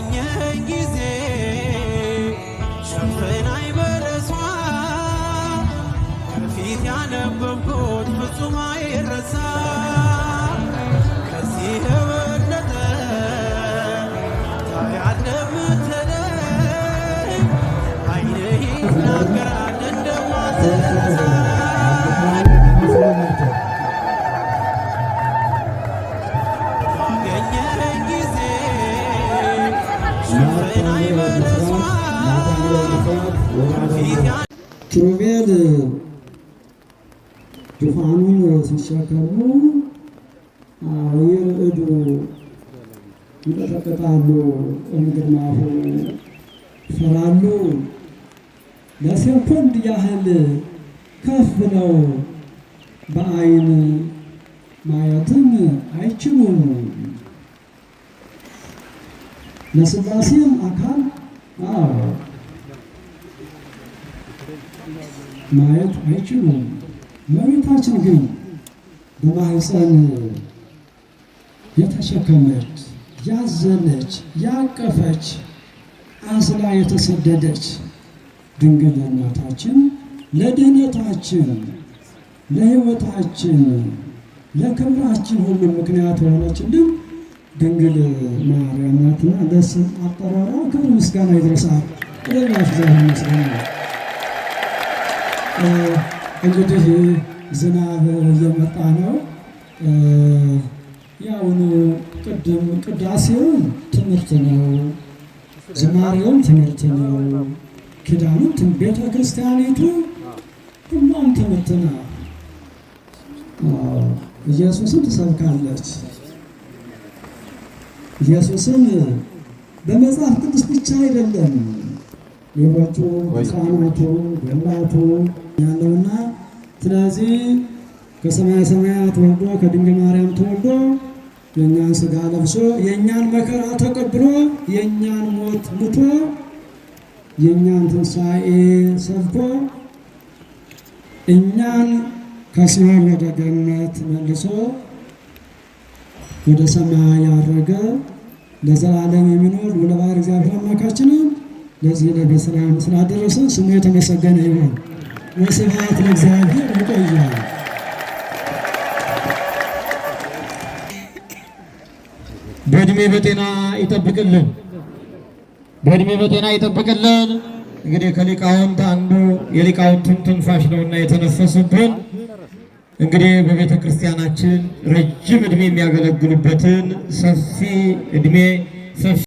ባገኘኝ ጊዜ ሸፈናይ በለሷ ከፊት ያነበብኩት ፍጹም አይረሳ ከዚህ የበለጠ ታያለ ምትለኝ ይናገራል እንደማትረሳ ባገኘ ኪሩቤል ዙፋኑን ሲሻገሩ ይርዕዱ ይቀጠቅጣሉ፣ እምግርማ ይፈራሉ። ለሴኮንድ ያህል ከፍ ብለው በአይን ማየትን አይችሉም። ለስላሴም አካል ማየት አይችሉም። መቤታችን ግን በማህፀን የተሸከመች ያዘለች፣ ያቀፈች፣ አስላ የተሰደደች ድንግል እናታችን ለድህነታችን፣ ለክብራችን ሁሉ ምክንያት የሆነችልን ድንግል ማርያም ናትና ለስም አጠራሯ ክብር ምስጋና ይድረሳል። እግዚአብሔር ይመስገን። እንግዲህ ዝናብ እየመጣ ነው። የአሁኑ ቅድም ቅዳሴውን ትምህርት ነው፣ ዝማሬውን ትምህርት ነው፣ ኪዳኑን ቤተ ክርስቲያኒቱ ሁሉም ትምህርት ነው። ኢየሱስን ትሰብካለች ኢየሱስን በመጽሐፍ ቅዱስ ብቻ አይደለም ሌሎቹ ሕፃናቱ ገላቱ ያለውና ስለዚህ ከሰማይ ሰማያት ወርዶ ከድንግል ማርያም ተወልዶ የእኛን ስጋ ለብሶ የእኛን መከራ ተቀብሎ የእኛን ሞት ምቶ የእኛን ትንሣኤ ሰብኮ እኛን ከሲኦል ወደ ገነት መልሶ ወደ ሰማይ ያረገ ለዘላለም የሚኖር ውለባር እግዚአብሔር አምላካችንም ለዚህ ላይ ስላደረሰ ስሙ የተመሰገነ ይሁን። ወስብሐት ለእግዚአብሔር። ይቆያል። በእድሜ በጤና ይጠብቅልን፣ በእድሜ በጤና ይጠብቅልን። እንግዲህ ከሊቃውንት አንዱ የሊቃውንቱን ትንፋሽ ነውና የተነፈሱብን እንግዲህ በቤተ ክርስቲያናችን ረጅም እድሜ የሚያገለግሉበትን ሰፊ እድሜ ። ሰፊ